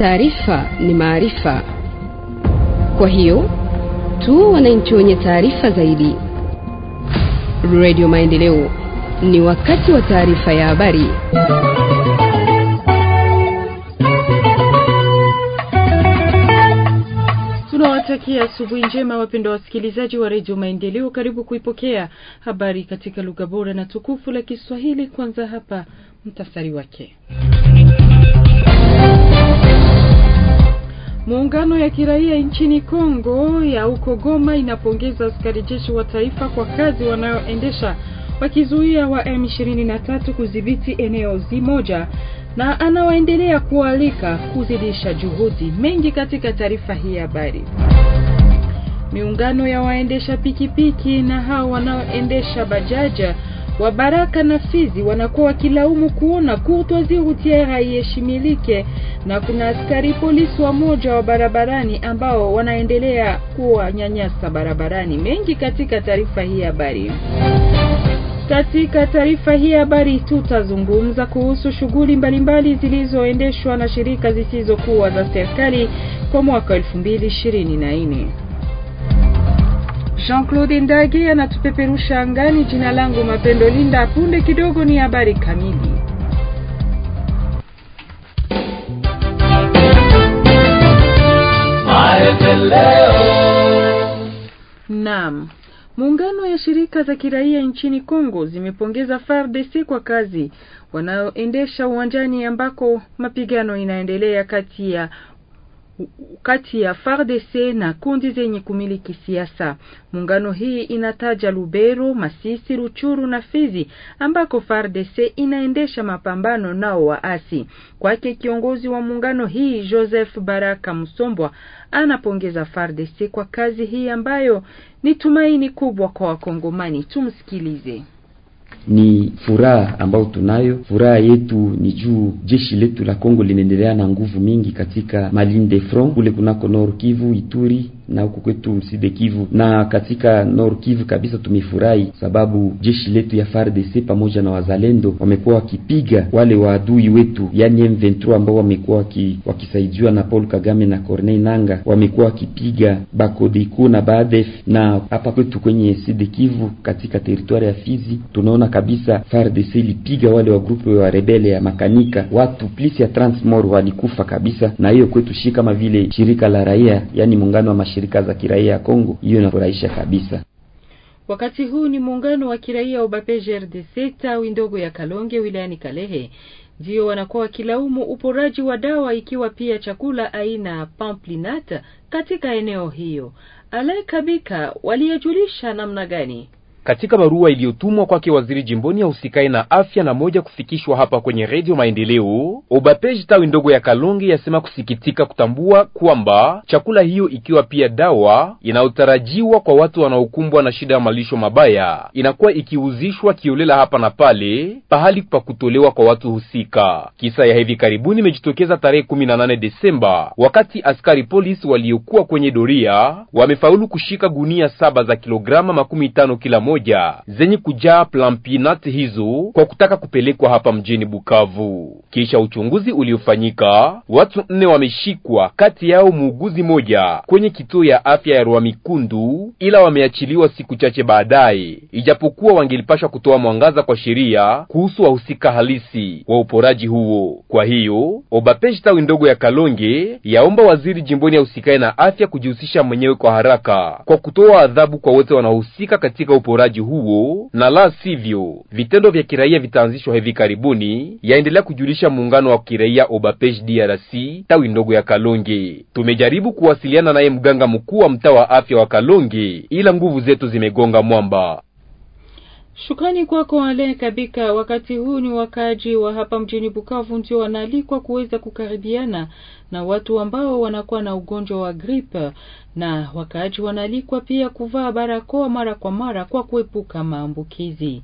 Taarifa ni maarifa, kwa hiyo tu wananchi wenye taarifa zaidi. Radio Maendeleo, ni wakati wa taarifa ya habari. Tunawatakia asubuhi njema wapendwa wasikilizaji wa redio Maendeleo. Karibu kuipokea habari katika lugha bora na tukufu la Kiswahili. Kwanza hapa mtasari wake Muungano ya kiraia nchini Kongo ya uko Goma inapongeza askari jeshi wa taifa kwa kazi wanayoendesha wakizuia wa M23 kudhibiti eneo zimoja, na anawaendelea kualika kuzidisha juhudi mengi. Katika taarifa hii ya habari, miungano ya waendesha pikipiki na hao wanaoendesha bajaja wa Baraka na Fizi wanakuwa wakilaumu kuona Courtoisie routiere haiheshimilike na kuna askari polisi wa moja wa barabarani ambao wanaendelea kuwa nyanyasa barabarani. Mengi katika taarifa hii habari. Katika taarifa hii habari tutazungumza kuhusu shughuli mbalimbali zilizoendeshwa na shirika zisizokuwa za serikali kwa mwaka 2024. Jean-Claude Ndage anatupeperusha angani. Jina langu Mapendo Linda. Punde kidogo ni habari kamili. Naam. Muungano ya shirika za kiraia nchini Kongo zimepongeza FARDC kwa kazi wanayoendesha uwanjani ambako mapigano inaendelea kati ya kati ya FARDC na kundi zenye kumiliki siasa. Muungano hii inataja Lubero, Masisi, Ruchuru na Fizi ambako FARDC inaendesha mapambano nao waasi. Kwake kiongozi wa muungano hii Joseph Baraka Musombwa anapongeza FARDC kwa kazi hii ambayo ni tumaini kubwa kwa Wakongomani. Tumsikilize ni furaha ambayo tunayo. Furaha yetu ni juu jeshi letu la Kongo linaendelea na nguvu mingi katika Malinde Front kule kunako Nord Kivu, Ituri na huko kwetu mside Kivu na katika Nord Kivu kabisa, tumefurahi sababu jeshi letu ya FARDC pamoja na wazalendo wamekuwa wakipiga wale waadui wetu, yani M23 ambao wamekuwa waki, wakisaidiwa na Paul Kagame na Corneille Nanga, wamekuwa wakipiga Bakodeko na Badef. Na hapa kwetu kwenye side Kivu katika teritwari ya Fizi tunaona kabisa FARDC ilipiga wale wa grupu wa rebele ya makanika, watu plus ya Transmor walikufa kabisa, na hiyo kwetu shi kama vile shirika la raia, yani muungano wa mashirika mashirika za kiraia ya Kongo, hiyo inafurahisha kabisa. Wakati huu ni muungano wa kiraia UBAPE-GRDC tawi ndogo ya Kalonge wilayani Kalehe ndio wanakuwa wakilaumu uporaji wa dawa ikiwa pia chakula aina ya pamplinata katika eneo hiyo. Alaikabika Kabika waliyejulisha namna gani? Katika barua iliyotumwa kwake waziri jimboni ya usikai na afya na moja kufikishwa hapa kwenye redio Maendeleo, Obapej tawi ndogo ya Kalonge yasema kusikitika kutambua kwamba chakula hiyo ikiwa pia dawa inayotarajiwa kwa watu wanaokumbwa na shida ya malisho mabaya inakuwa ikiuzishwa kiolela hapa na pale pahali pa kutolewa kwa watu husika. Kisa ya hivi karibuni imejitokeza tarehe 18 Desemba, wakati askari polisi waliokuwa kwenye doria wamefaulu kushika gunia saba za kilograma makumi tano kila moja zenye kujaa plampinati hizo kwa kutaka kupelekwa hapa mjini Bukavu. Kisha uchunguzi uliofanyika, watu nne wameshikwa, kati yao muuguzi moja kwenye kituo ya afya ya Rwamikundu, ila wameachiliwa siku chache baadaye, ijapokuwa wangelipashwa kutoa mwangaza kwa sheria kuhusu wahusika halisi wa uporaji huo. Kwa hiyo Obapeji tawi ndogo ya Kalonge yaomba waziri jimboni ya usikae na afya kujihusisha mwenyewe kwa haraka kwa kutoa adhabu kwa wote wanaohusika katika uporaji uporaji huo, na la sivyo vitendo vya kiraia vitaanzishwa hivi karibuni, yaendelea kujulisha muungano wa kiraia Obapesh DRC tawi ndogo ya Kalonge. Tumejaribu kuwasiliana naye mganga mkuu wa mtaa wa afya wa Kalonge, ila nguvu zetu zimegonga mwamba. Shukrani kwako Alain Kabika. Wakati huu ni wakaaji wa hapa mjini Bukavu ndio wanaalikwa kuweza kukaribiana na watu ambao wanakuwa na ugonjwa wa gripe, na wakaaji wanaalikwa pia kuvaa barakoa mara kwa mara kwa kuepuka maambukizi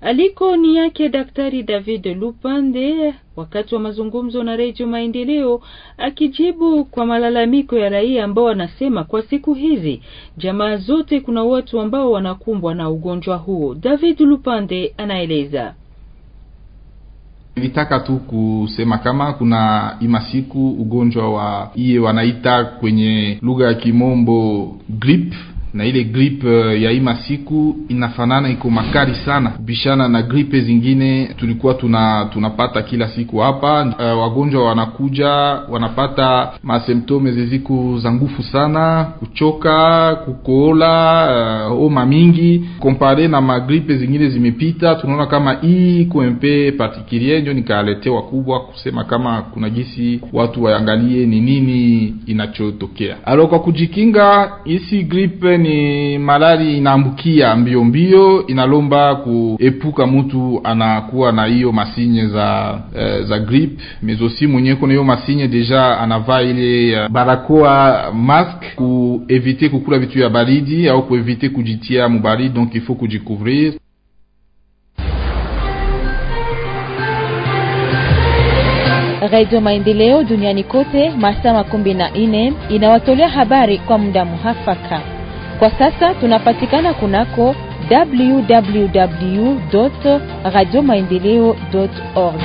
aliko ni yake Daktari David Lupande wakati wa mazungumzo na Redio Maendeleo, akijibu kwa malalamiko ya raia ambao wanasema kwa siku hizi jamaa zote kuna watu ambao wanakumbwa na ugonjwa huo. David Lupande anaeleza. Nilitaka tu kusema kama kuna imasiku ugonjwa wa iye wanaita kwenye lugha ya Kimombo grip na ile gripe uh, ya ima siku inafanana, iko makali sana kubishana na gripe zingine tulikuwa tuna tunapata kila siku hapa. Uh, wagonjwa wanakuja wanapata masemptome zeziku za ngufu sana, kuchoka, kukoola, uh, homa mingi kompare na magripe zingine zimepita. Tunaona kama hii kumpe particulier ndio nikaletewa kubwa kusema kama kuna gisi watu waangalie ni nini inachotokea. Alo, kwa kujikinga isi gripe ni malali inaambukia mbio mbio, inalomba kuepuka mtu anakuwa na hiyo masinye za eh, za grip mezosi mwenyewe na hiyo masinye deja anavaa ile barakoa mask kuevite kukula vitu ya baridi au kuevite kujitia mubaridi, donc il faut kujikouvrir. Radio Maendeleo duniani kote masaa makumi na nne inawatolea habari kwa muda muhafaka. Kwa sasa tunapatikana kunako www radio maendeleo org.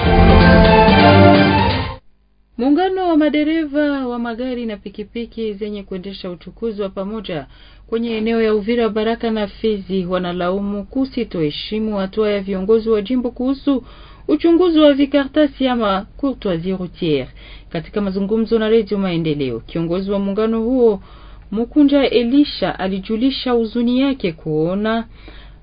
Muungano wa madereva wa magari na pikipiki zenye kuendesha uchukuzi wa pamoja kwenye eneo ya Uvira, Baraka na Fizi wanalaumu kusitoheshimu hatua ya viongozi wa jimbo kuhusu uchunguzi wa vikartasi ama courtoisie routiere. Katika mazungumzo na Radio Maendeleo, kiongozi wa muungano huo Mukunja Elisha alijulisha huzuni yake kuona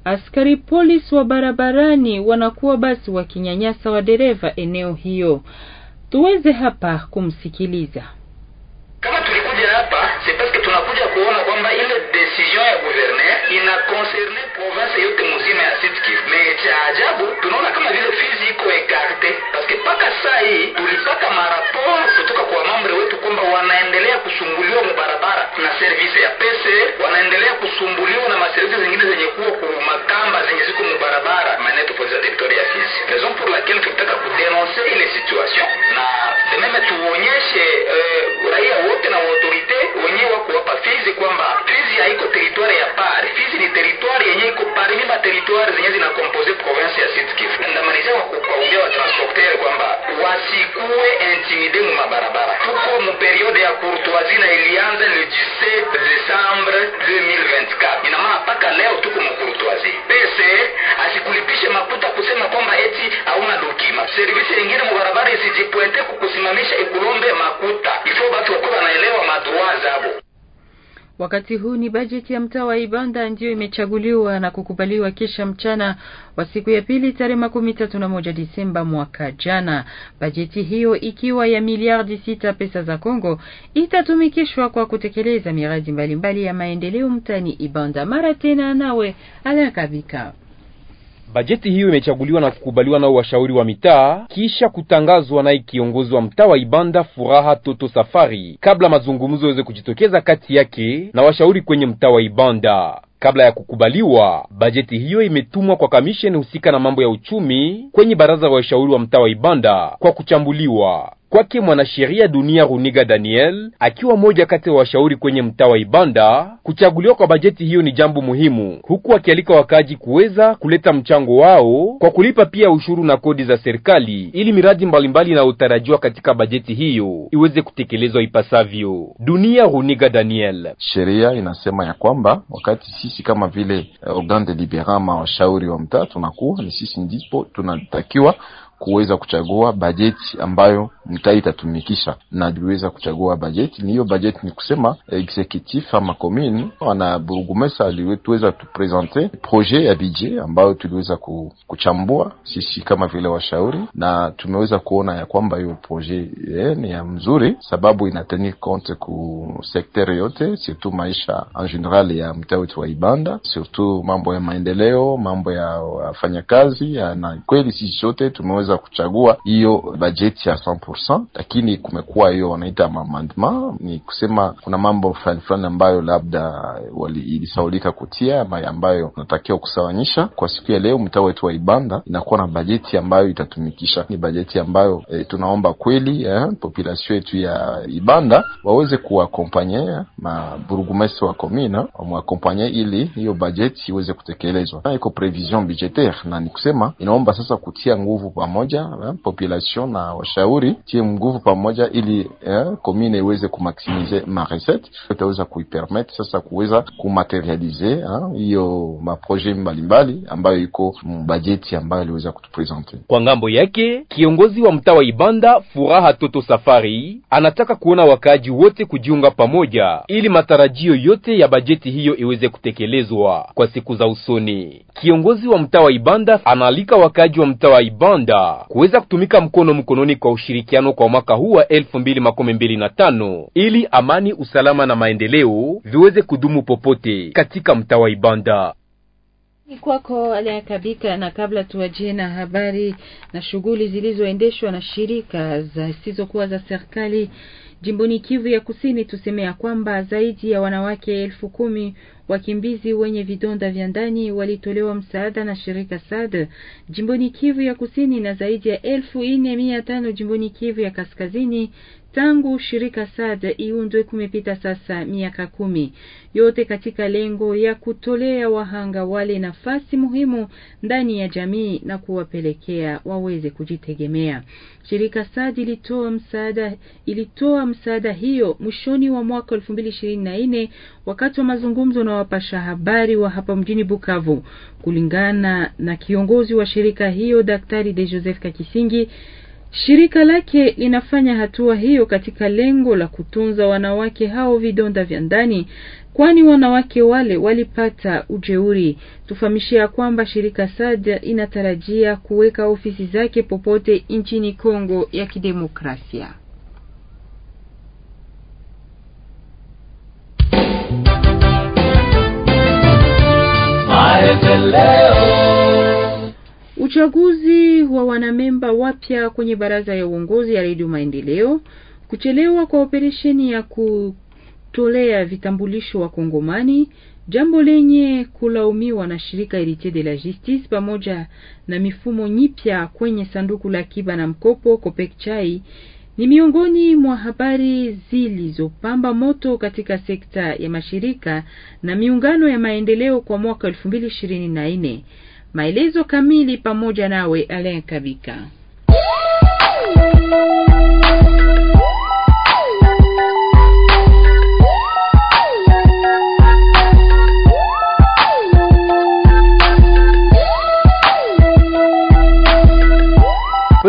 askari polisi wa barabarani wanakuwa basi wakinyanyasa wadereva eneo hiyo. Tuweze hapa kumsikiliza. Kama tulikuja hapa, si paske tunakuja kuona kwamba ile decision ya guverner ina concerne province yote mzima ya Sud Kivu. Me cha ajabu tunaona kama vile Fizi iko ekarte, paske mpaka saa hii tulipata marapor kutoka kwa mambre wetu kwamba wanaendelea kusumbuliwa mubarabara na service ya pese, wanaendelea kusumbuliwa na maservice zingine zenye kuwa kumakamba zenye ziko mubarabara maeneo tofauti za teritoria ya Fizi. Raison pour laquelle tulitaka kudenonse ile situation na de meme tuonyeshe eh, raia wote na wote intimide mu mabarabara tuko mu periode ya courtoisie na ilianza le 17 décembre 2024 inamaana mpaka leo tuko mu courtoisie pese asikulipishe makuta kusema kwamba eti hauna dokima servisi yengine mu barabara isijipuente kukusimamisha ikulombe makuta Wakati huu ni bajeti ya mtaa wa Ibanda ndiyo imechaguliwa na kukubaliwa kisha mchana wa siku ya pili tarehe makumi tatu na moja Disemba mwaka jana. Bajeti hiyo ikiwa ya miliardi sita pesa za Kongo itatumikishwa kwa kutekeleza miradi mbalimbali ya maendeleo mtaani Ibanda. Mara tena nawe Alakabika. Bajeti hiyo imechaguliwa na kukubaliwa na washauri wa mitaa kisha kutangazwa naye kiongozi wa mtaa wa Ibanda Furaha Toto Safari, kabla mazungumzo yaweze kujitokeza kati yake na washauri kwenye mtaa wa Ibanda. Kabla ya kukubaliwa, bajeti hiyo imetumwa kwa kamisheni husika na mambo ya uchumi kwenye baraza la washauri wa mtaa wa Ibanda kwa kuchambuliwa kwake mwanasheria Dunia Runiga Daniel, akiwa mmoja kati ya washauri kwenye mtaa wa Ibanda, kuchaguliwa kwa bajeti hiyo ni jambo muhimu, huku akialika wakaaji kuweza kuleta mchango wao kwa kulipa pia ushuru na kodi za serikali ili miradi mbalimbali inayotarajiwa katika bajeti hiyo iweze kutekelezwa ipasavyo. Dunia Runiga Daniel: sheria inasema ya kwamba wakati sisi kama vile eh, organ liberama washauri wa mtaa tunakuwa ni sisi ndipo tunatakiwa kuweza kuchagua bajeti ambayo mtaa itatumikisha, na aliweza kuchagua bajeti ni hiyo bajeti, ni kusema executive ama commune ana burugumesa aliweza tupresente projet ya budget ambayo tuliweza kuchambua sisi kama vile washauri, na tumeweza kuona ya kwamba hiyo projet ye, eh, ni ya mzuri, sababu ina compte ku sekter yote, surtout maisha en general ya mtaa wetu wa Ibanda, surtout mambo ya maendeleo, mambo ya wafanyakazi, na kweli sisi sote tumeweza wanaweza kuchagua hiyo bajeti ya 100%, lakini kumekuwa hiyo wanaita mamandma, ni kusema kuna mambo fulani fulani ambayo labda ilisaulika kutia ama ambayo natakiwa kusawanyisha. Kwa siku ya leo mtaa wetu wa Ibanda inakuwa na bajeti ambayo itatumikisha, ni bajeti ambayo e, tunaomba kweli eh, population yetu ya Ibanda waweze kuwakompanye ma burugumestre wa komina wamwakompanye, ili hiyo bajeti iweze kutekelezwa. Iko prevision budgetaire na ni kusema inaomba sasa kutia nguvu pamoja pamoja eh, population na washauri tie nguvu pamoja, ili eh, commune iweze kumaximize recette itaweza kuipermettre sasa kuweza kumaterialize hiyo maproje mbalimbali ambayo iko mbajeti ambayo aliweza kutupresente. Kwa ngambo yake, kiongozi wa mtaa wa Ibanda Furaha Toto Safari anataka kuona wakaaji wote kujiunga pamoja ili matarajio yote ya bajeti hiyo iweze kutekelezwa kwa siku za usoni. Kiongozi wa mtaa wa Ibanda anaalika wakaji wa mtaa wa Ibanda kuweza kutumika mkono mkononi kwa ushirikiano kwa mwaka huu wa 2025 ili amani, usalama na maendeleo viweze kudumu popote katika mtaa wa Ibanda. Ni kwako aliyakabika. Na kabla tuwajie na habari na shughuli zilizoendeshwa na shirika zisizokuwa za serikali jimboni Kivu ya Kusini, tusemea kwamba zaidi ya wanawake elfu kumi Wakimbizi wenye vidonda vya ndani walitolewa msaada na shirika SAD jimboni Kivu ya Kusini na zaidi ya elfu nne mia tano jimboni Kivu ya Kaskazini Tangu shirika sad iundwe kumepita sasa miaka kumi, yote katika lengo ya kutolea wahanga wale nafasi muhimu ndani ya jamii na kuwapelekea waweze kujitegemea. Shirika sad ilitoa msaada ilitoa msaada hiyo mwishoni wa mwaka 2024 wakati wa mazungumzo na wapasha habari wa hapa mjini Bukavu. Kulingana na kiongozi wa shirika hiyo Daktari de Joseph Kakisingi Shirika lake linafanya hatua hiyo katika lengo la kutunza wanawake hao vidonda vya ndani kwani wanawake wale walipata ujeuri. Tufahamishia kwamba shirika Sadia inatarajia kuweka ofisi zake popote nchini Kongo ya Kidemokrasia. Maendeleo Uchaguzi wa wanamemba wapya kwenye baraza ya uongozi ya Redio Maendeleo, kuchelewa kwa operesheni ya kutolea vitambulisho wa Kongomani, jambo lenye kulaumiwa na shirika Heritier de la Justice, pamoja na mifumo nyipya kwenye sanduku la akiba na mkopo chai ni miongoni mwa habari zilizopamba moto katika sekta ya mashirika na miungano ya maendeleo kwa mwaka nne. Maelezo kamili pamoja nawe Alain Kavika.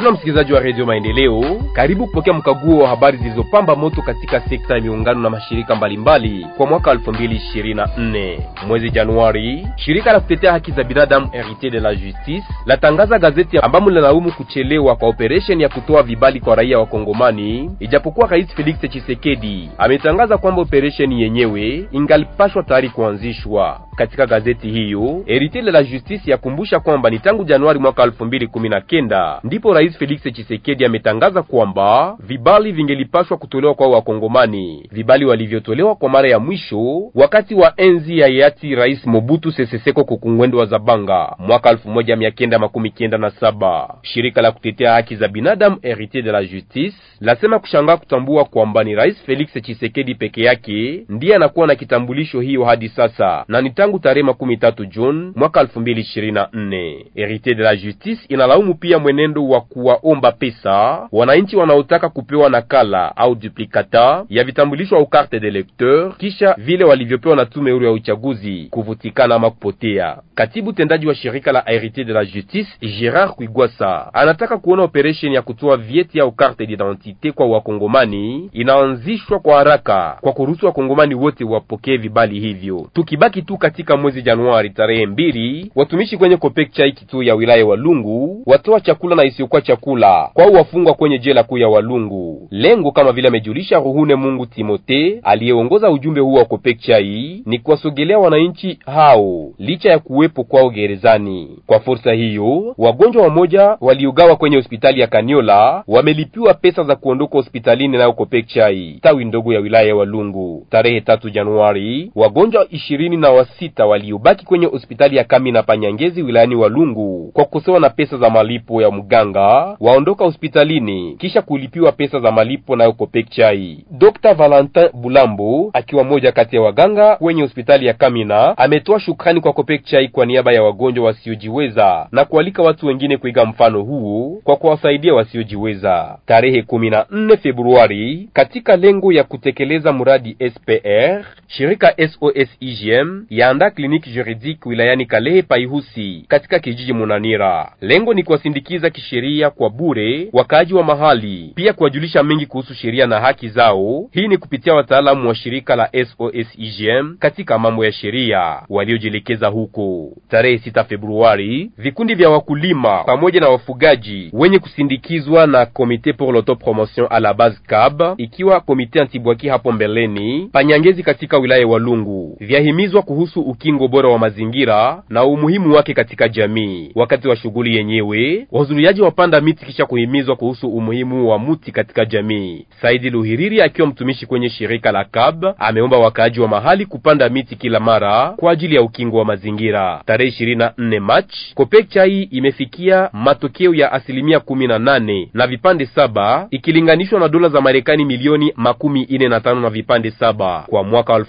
Mpendwa msikilizaji wa redio Maendeleo, karibu kupokea mkaguo wa habari zilizopamba moto katika sekta ya miungano na mashirika mbalimbali mbali kwa mwaka 2024. Mwezi Januari, shirika la kutetea haki za binadamu Heritier de la Justice latangaza gazeti ambamo linalaumu kuchelewa kwa operesheni ya kutoa vibali kwa raia wa Kongomani, ijapokuwa Rais Felix Tshisekedi ametangaza kwamba operesheni yenyewe ingalipashwa tayari kuanzishwa. Katika gazeti hiyo, Heritier de la Justice yakumbusha kwamba ni tangu Januari mwaka 2019 ndipo Rais Felix Tshisekedi ametangaza kwamba vibali vingelipashwa kutolewa kwa Wakongomani, vibali walivyotolewa kwa mara ya mwisho wakati wa enzi ya hayati Rais Mobutu Sese Seko Kokungwendo wa Zabanga mwaka 1997. Shirika la kutetea haki za binadamu Heritier de la Justice lasema kushangaa kutambua kwamba ni Rais Felix Tshisekedi peke yake ndiye anakuwa na kitambulisho hiyo hadi sasa na ni tangu tarehe 13 Juni mwaka 2024. Heritier de la Justice inalaumu pia mwenendo wa kuwa kuwaomba pesa, wananchi wanaotaka kupewa nakala au duplikata ya vitambulisho au karte de lecteur kisha vile walivyopewa na tume huru ya uchaguzi kuvutikana ama kupotea. Katibu tendaji wa shirika la Heritier de la Justice Gerard Kwigwasa anataka kuona operation ya kutoa vyeti au karte d'identité kwa wakongomani inaanzishwa kwa haraka kwa kuruhusu wakongomani wote wapokee vibali hivyo. Tukibaki tu katika mwezi Januari tarehe mbili, watumishi kwenye Kopekchai, kituo ya wilaya Walungu, watoa chakula na isiyokuwa chakula kwa wafungwa kwenye jela kuu ya Walungu. Lengo kama vile amejulisha Ruhune Mungu Timote aliyeongoza ujumbe huo wa Kopekchai ni kuwasogelea wananchi hao licha ya kuwepo kwao gerezani. Kwa fursa hiyo, wagonjwa wamoja waliogawa kwenye hospitali ya Kaniola wamelipiwa pesa za kuondoka hospitalini nayo Kopekchai tawi ndogo ya wilaya ya Walungu. Tarehe 3 Januari, wagonjwa ishirini na wasita waliobaki kwenye hospitali ya Kami na Panyangezi wilayani Walungu kwa kukosewa na pesa za malipo ya mganga waondoka hospitalini kisha kulipiwa pesa za malipo nayo Kopek Chai. Dr. Valentin Bulambo akiwa mmoja kati ya waganga kwenye hospitali ya Kamina ametoa shukrani kwa Kopek Chai kwa niaba ya wagonjwa wasiojiweza na kualika watu wengine kuiga mfano huu kwa kuwasaidia wasiojiweza. Tarehe 14 Februari, katika lengo ya kutekeleza mradi SPR, shirika SOS IGM yaandaa kliniki juridiki wilayani Kalehe Paihusi katika kijiji Munanira. Lengo ni kuwasindikiza kisheria kuwahudumia kwa bure wakaaji wa mahali, pia kuwajulisha mengi kuhusu sheria na haki zao. Hii ni kupitia wataalamu wa shirika la SOS EGM katika mambo ya sheria waliojielekeza huko. Tarehe 6 Februari, vikundi vya wakulima pamoja na wafugaji wenye kusindikizwa na komite pour l'autopromotion à la base CAB, ikiwa Komite Antibwaki hapo mbeleni panyangezi katika wilaya Walungu, vyahimizwa kuhusu ukingo bora wa mazingira na umuhimu wake katika jamii. Wakati wa shughuli yenyewe wahudhuriaji wapanda kupanda miti kisha kuhimizwa kuhusu umuhimu wa mti katika jamii. Saidi Luhiriri akiwa mtumishi kwenye shirika la KAB ameomba wakaaji wa mahali kupanda miti kila mara kwa ajili ya ukingo wa mazingira. Tarehe 24 Machi, kopekcha hii imefikia matokeo ya asilimia 18 na vipande saba ikilinganishwa na dola za Marekani milioni makumi ine na tano na vipande saba kwa mwaka wa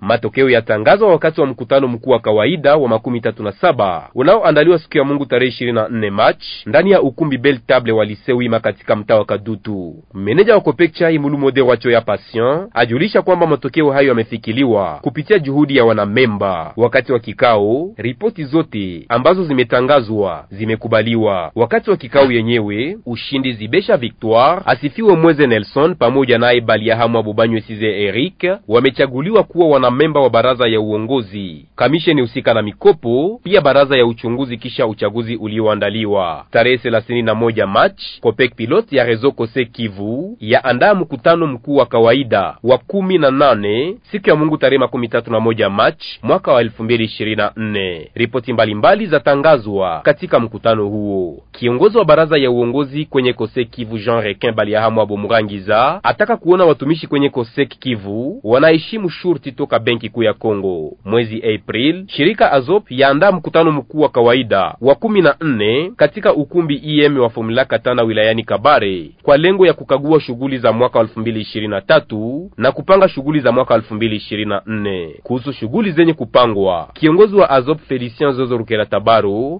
Matokeo yatangazwa wakati wa mkutano mkuu wa kawaida wa makumi tatu na saba unaoandaliwa siku ya Mungu tarehe 24 Machi ndani ya ukumbi bel Table wa liseu ima katika mtaa wa Kadutu. Meneja wa Kopekchai Mulumode wacho ya Passion ajulisha kwamba matokeo hayo yamefikiliwa kupitia juhudi ya wanamemba. Wakati wa kikao, ripoti zote ambazo zimetangazwa zimekubaliwa. Wakati wa kikao yenyewe, ushindi zibesha Victoire asifiwe Mweze Nelson pamoja naye Baliahamu Abubanywe Size Eric wamechaguliwa kuwa wanamemba wa baraza ya uongozi, kamisheni husika na mikopo, pia baraza ya uchunguzi kisha uchaguzi ulioandaliwa. Tarehe na moja Machi, Copec Pilot ya Rezo Kose Kivu ya yaandaa mkutano mkuu wa kawaida wa kumi na nane siku ya Mungu tarehe makumi tatu na moja Machi mwaka wa elfu mbili ishirini na nne. Ripoti mbalimbali zatangazwa katika mkutano huo. Kiongozi wa baraza ya uongozi kwenye Kose Kivu Jean Requin Baliahamwa Bomurangiza ataka kuona watumishi kwenye Kose Kivu wanaheshimu shurti toka benki kuu ya Kongo. Mwezi April, shirika Azop yaandaa mkutano mkuu wa kawaida wa kumi na nne katika ukumbi IM e wa Formula Katana wilayani Kabare kwa lengo ya kukagua shughuli za mwaka 2023 na kupanga shughuli za mwaka 2024. Kuhusu shughuli zenye kupangwa, kiongozi wa Azop Felicien Zozo Rukera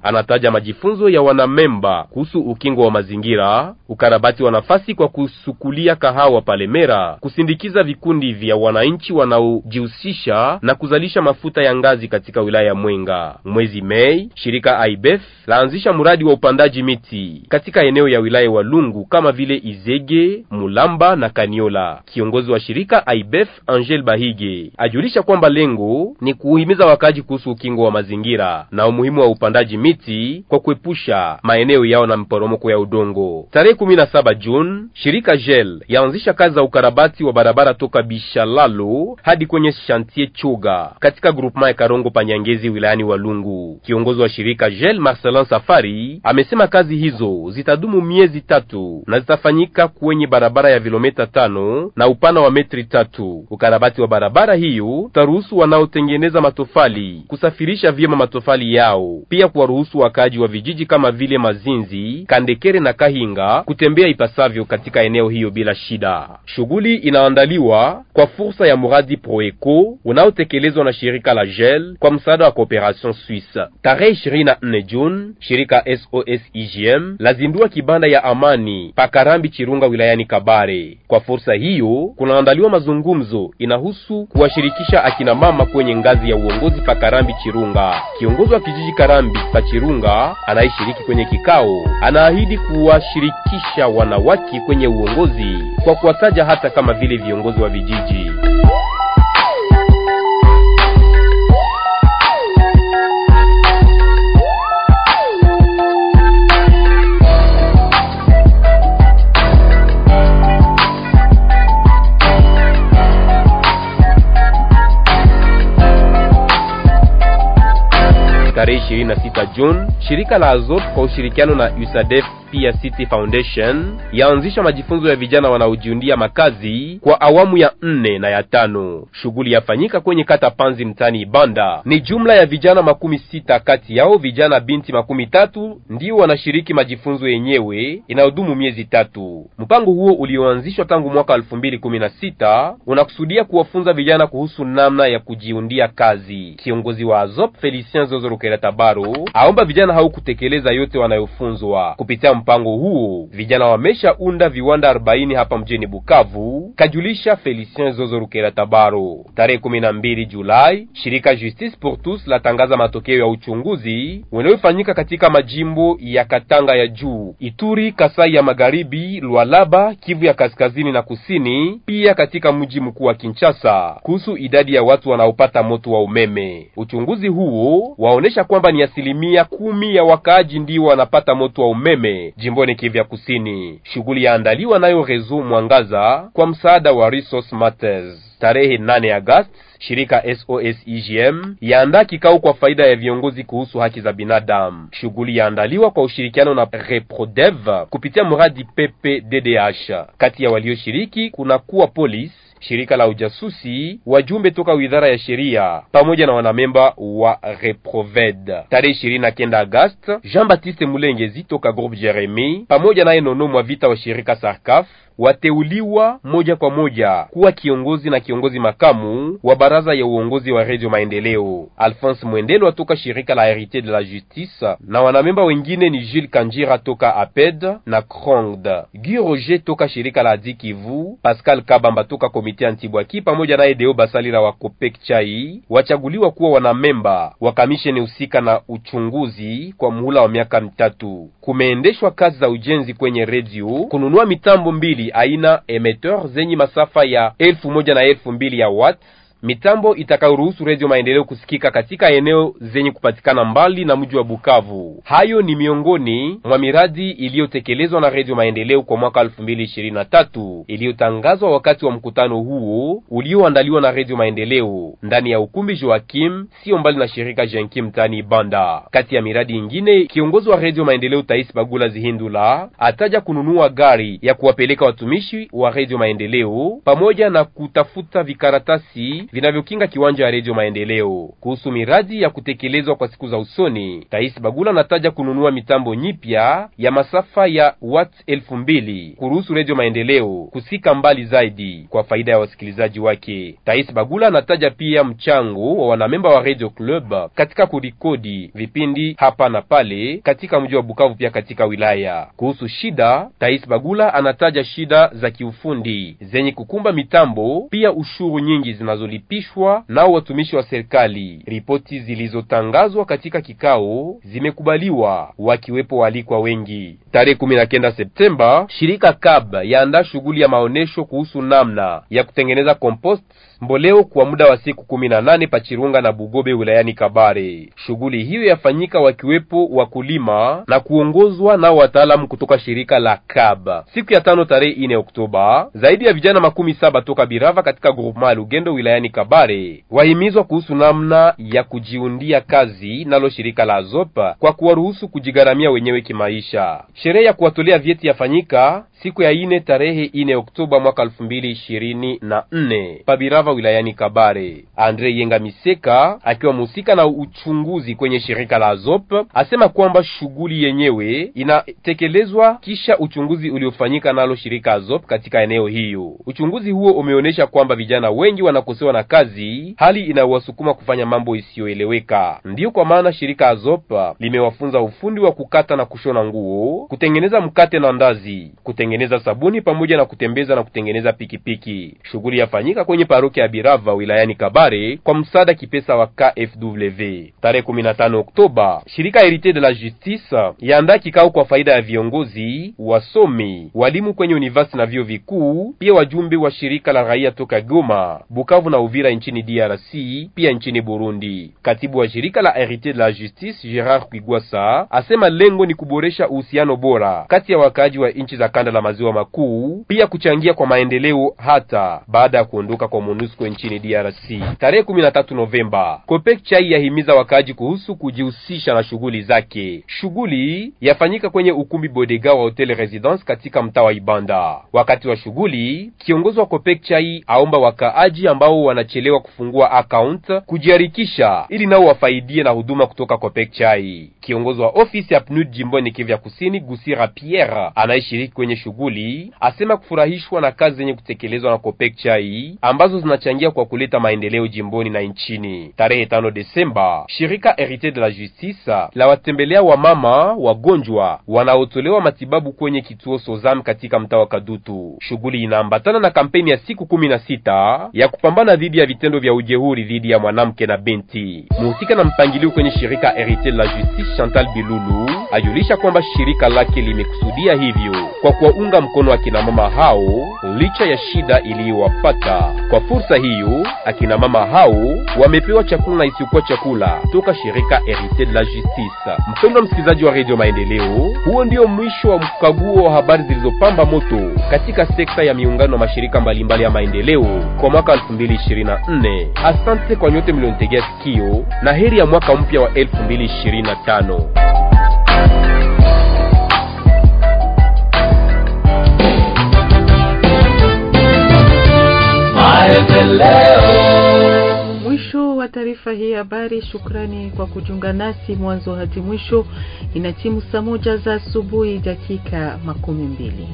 anataja majifunzo ya wanamemba kuhusu ukingo wa mazingira, ukarabati wa nafasi kwa kusukulia kahawa Palemera, kusindikiza vikundi vya wananchi wanaojihusisha na kuzalisha mafuta ya ngazi katika wilaya ya Mwenga. Mwezi Mei, shirika IBEF laanzisha mradi wa upandaji upandaji miti katika eneo ya wilaya Walungu kama vile Izege, Mulamba na Kaniola. Kiongozi wa shirika IBEF Angel Bahige ajulisha kwamba lengo ni kuhimiza wakaji kuhusu ukingo wa mazingira na umuhimu wa upandaji miti kwa kuepusha maeneo yao na mporomoko ya udongo. Tarehe 17 Juni, shirika JEL yaanzisha kazi za ukarabati wa barabara toka Bishalalo hadi kwenye shantie Choga katika groupement ya Karongo Panyangezi wilayani Walungu. Kiongozi wa shirika JEL Marcelin Safari ame amesema kazi hizo zitadumu miezi tatu na zitafanyika kwenye barabara ya vilometa tano na upana wa metri tatu. Ukarabati wa barabara hiyo utaruhusu wanaotengeneza matofali kusafirisha vyema matofali yao, pia kuwaruhusu wakaaji wa vijiji kama vile Mazinzi, Kandekere na Kahinga kutembea ipasavyo katika eneo hiyo bila shida. Shughuli inaandaliwa kwa fursa ya muradi Proeco unaotekelezwa na shirika la GEL kwa msaada wa Cooperation Suisse. Tarehe 24 June shirika SOS SEGM lazindua kibanda ya amani Pakarambi Chirunga wilayani Kabare. Kwa fursa hiyo kunaandaliwa mazungumzo inahusu kuwashirikisha akina mama kwenye ngazi ya uongozi Pakarambi Chirunga. Kiongozi wa kijiji Karambi pa Chirunga anayeshiriki kwenye kikao anaahidi kuwashirikisha wanawake kwenye uongozi kwa kuwataja hata kama vile viongozi wa vijiji. tarehe 26 Juni, shirika la Azot kwa ushirikiano na USADF pia City Foundation yaanzisha majifunzo ya vijana wanaojiundia makazi kwa awamu ya nne na ya tano. Shughuli yafanyika kwenye kata Panzi mtani Ibanda. Ni jumla ya vijana makumi sita, kati yao vijana binti makumi tatu ndio wanashiriki majifunzo yenyewe inayodumu miezi tatu. Mpango huo ulioanzishwa tangu mwaka 2016 unakusudia kuwafunza vijana kuhusu namna ya kujiundia kazi. Kiongozi wa Azop Felicien Zozorukela Tabaro aomba vijana hao kutekeleza yote wanayofunzwa kupitia mpango huo vijana wameshaunda viwanda arobaini hapa mjini Bukavu, kajulisha Felicien Zozorukera Tabaro. Tarehe kumi na mbili Julai, shirika Justice pour tous latangaza matokeo ya uchunguzi unaofanyika katika majimbo ya Katanga ya juu, Ituri, Kasai ya Magharibi, Lualaba, Kivu ya kaskazini na kusini, pia katika mji mkuu wa Kinshasa kuhusu idadi ya watu wanaopata moto wa umeme. Uchunguzi huo waonesha kwamba ni asilimia kumi ya wakaaji ndio wanapata moto wa umeme jimboni Kivya Kusini. Shughuli yaandaliwa nayo Rezu Mwangaza kwa msaada wa Resource Matters. Tarehe 8 Agosti, shirika SOS EGM yaandaa kikao kwa faida ya viongozi kuhusu haki za binadamu. Shughuli yaandaliwa kwa ushirikiano na Reprodev kupitia mradi PPDDH. Kati ya walioshiriki kuna kuwa polisi shirika la ujasusi, wajumbe toka wizara ya sheria pamoja na wanamemba wa Reproved. Tarehe ishirini na kenda Agasti, Jean Baptiste Mulengezi toka Groupe Jeremie pamoja naye Nono mwa vita wa shirika Sarkaf wateuliwa moja kwa moja kuwa kiongozi na kiongozi makamu wa baraza ya uongozi wa Radio Maendeleo. Alphonse Mwendelo toka shirika la Heritier de la Justice na wanamemba wengine ni Jules Kanjira toka APED na krongd Guy Roger toka shirika la Dikivu, Pascal Kabamba toka komite Domitian ntibwaki pamoja naye Deo Basalira wa Kopek Chai wachaguliwa kuwa wanamemba wa kamisheni husika na uchunguzi kwa muhula wa miaka mitatu. Kumeendeshwa kazi za ujenzi kwenye redio, kununua mitambo mbili aina emeteur zenye masafa ya elfu moja na elfu mbili ya watt mitambo itakayoruhusu Redio Maendeleo kusikika katika eneo zenye kupatikana mbali na mji wa Bukavu. Hayo ni miongoni mwa miradi iliyotekelezwa na Redio Maendeleo kwa mwaka 2023 iliyotangazwa wakati wa mkutano huo ulioandaliwa na Redio Maendeleo ndani ya ukumbi Joakim, sio mbali na shirika Jenki mtaani Banda. Kati ya miradi ingine, kiongozi wa Redio Maendeleo Tais Bagula Zihindula ataja kununua gari ya kuwapeleka watumishi wa Redio Maendeleo pamoja na kutafuta vikaratasi vinavyokinga kiwanja ya Redio Maendeleo. Kuhusu miradi ya kutekelezwa kwa siku za usoni, Rais Bagula anataja kununua mitambo nyipya ya masafa ya wati elfu mbili kuruhusu Redio Maendeleo kusika mbali zaidi kwa faida ya wasikilizaji wake. Rais Bagula anataja pia mchango wa wanamemba wa Radio Club katika kurikodi vipindi hapa na pale katika mji wa Bukavu, pia katika wilaya. Kuhusu shida, Rais Bagula anataja shida za kiufundi zenye kukumba mitambo, pia ushuru nyingi zinazolipa walipishwa nao watumishi wa serikali. Ripoti zilizotangazwa katika kikao zimekubaliwa, wakiwepo walikwa wengi. Tarehe 19 Septemba, shirika KAB yaandaa shughuli ya maonesho kuhusu namna ya kutengeneza compost Mboleo kwa muda wa siku kumi na nane Pachirunga na Bugobe wilayani Kabare. Shughuli hiyo yafanyika wakiwepo wakulima na kuongozwa na wataalamu kutoka shirika la KAB. Siku ya tano tarehe ine Oktoba, zaidi ya vijana makumi saba toka Birava katika groupema Lugendo wilayani Kabare wahimizwa kuhusu namna ya kujiundia kazi nalo shirika la Azopa kwa kuwaruhusu kujigharamia wenyewe kimaisha. Sherehe ya kuwatolea vyeti yafanyika siku ya ine tarehe ine Oktoba mwaka elfu mbili ishirini na nne Pabirava wilayani Kabare. Andre Yenga Miseka akiwa mhusika na uchunguzi kwenye shirika la Azop asema kwamba shughuli yenyewe inatekelezwa kisha uchunguzi uliofanyika nalo shirika Azop katika eneo hiyo. Uchunguzi huo umeonyesha kwamba vijana wengi wanakosewa na kazi, hali inayowasukuma kufanya mambo isiyoeleweka. Ndiyo kwa maana shirika Azop limewafunza ufundi wa kukata na kushona nguo, kutengeneza mkate na ndazi, kutengeneza kutengeneza sabuni pamoja na kutembeza na kutengeneza pikipiki. Shughuli yafanyika kwenye parokia ya Birava wilayani Kabare kwa msaada kipesa wa KFW. Tarehe 15 Oktoba, shirika Herite de la Justice yaandaa kikao kwa faida ya viongozi, wasomi, walimu kwenye univasiti na vyuo vikuu, pia wajumbe wa shirika la raia toka Goma, Bukavu na Uvira nchini DRC, pia nchini Burundi. Katibu wa shirika la Herite de la Justice Gerard Kigwasa asema lengo ni kuboresha uhusiano bora kati ya wakaaji wa nchi za kanda la maziwa makuu pia kuchangia kwa maendeleo hata baada ya kuondoka kwa MONUSCO nchini DRC. Tarehe 13 Novemba, Chai yahimiza wakaaji kuhusu kujihusisha na shughuli zake. Shughuli yafanyika kwenye ukumbi Bodega wa Hotel Residence katika mtaa wa Ibanda. Wakati wa shughuli, kiongozi wa Chai aomba wakaaji ambao wanachelewa kufungua account kujiharikisha ili nao wafaidie na huduma kutoka Chai. Kiongozi wa ofisi ya PNUD jimboni Kivu ya Kusini, Gusira Pierre, anayeshiriki kwenye shughuli, asema kufurahishwa na kazi zenye kutekelezwa na Kopek Chai ambazo zinachangia kwa kuleta maendeleo jimboni na nchini. Tarehe 5 Desemba, shirika Herite de la Justice la watembelea wa mama wagonjwa wanaotolewa matibabu kwenye kituo Sozam katika mtaa wa Kadutu. Shughuli inaambatana na kampeni ya siku 16 sita ya kupambana dhidi ya vitendo vya ujehuri dhidi ya mwanamke na binti. Muhusika na mpangilio kwenye shirika Herite de la Justice Chantal Bilulu ajulisha kwamba shirika lake limekusudia hivyo kwa kuwa kuwaunga mkono akina mama hao licha ya shida iliyowapata. Kwa fursa hiyo, akina mama hao wamepewa chakula na isiyokuwa chakula toka shirika Herite de la Justice. Mpendwa msikilizaji wa redio Maendeleo, huo ndio mwisho wa mkaguo wa habari zilizopamba moto katika sekta ya miungano na mashirika mbalimbali mbali ya maendeleo kwa mwaka 2024. Asante kwa nyote mlionitegea sikio na heri ya mwaka mpya wa 2025. Mwisho wa taarifa hii habari. Shukrani kwa kujiunga nasi mwanzo hadi mwisho. Ina timu saa moja za asubuhi dakika makumi mbili.